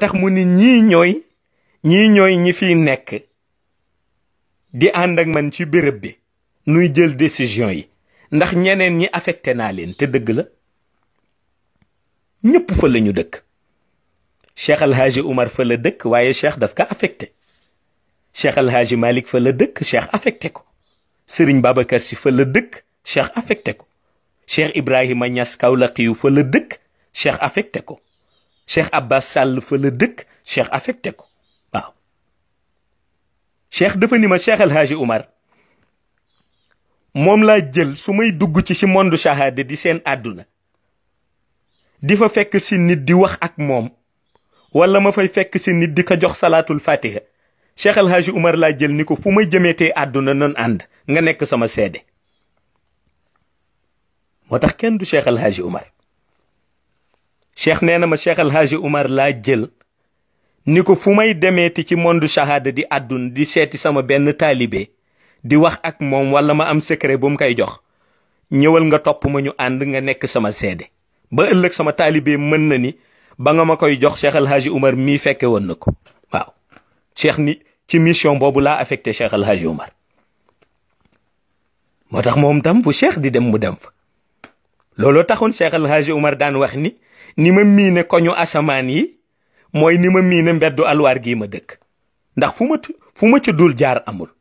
tax mu ni ñii ñooy ñii ñooy ñi fiy nekk di ànd ak man ci béréb bi nuy jël décision yi ndax ñeneen ñi affecté naa leen te dëgg la ñëpp fa la ñu dëkk Cheikh El Hadji fa la dëkk waaye Cheikh daf ka affecté Cheikh El Hadji fa la dëkk Cheikh affecté ko Serigne Babacar Sy fa la dëkk Cheikh affecté ko Cheikh Ibrahima Niass Kaolack yu fa la dëkk Cheikh affecté ko cheikh abbas sàll fa la dëkk cheikh affecté ko waaw cheikh dafa ni ma cheikh alhaaji Umar moom laa jël su may dugg ci ci mondu shahada di seen àdduna di fa fekk si nit di wax ak moom wala ma fay fekk si nit di ko jox salaatul fatiha cheikh alhaaji Umar laa jël ni ko fu may jëmeetee àdduna noon ànd nga nekk sama seede moo tax kenn du cheikh alhaaji Umar cheikh nee na ma cheikh alhaaji Umar laa jël ni ko fu may demeeti ci mondu shahada di àddun di seeti sama benn taalibe di wax ak moom wala ma am secret bu mu koy jox ñëwal nga topp ma ñu ànd nga nekk sama seede ba ëllëg sama taalibe mën na ni ba nga ma koy jox cheikh alhaaji Umar mii fekke woon na ko waaw cheikh ni ci mission boobu laa affecté cheikh alhaaji Umar moo tax moom tam fu cheikh di dem mu dem fa looloo taxoon Cheikh El Hadji Omar daan wax ni ni ma miine koñu asamaan yi mooy ni ma miine mbeddu alwaar gii ma dëkk ndax fu ma fu ma ci dul jaar amul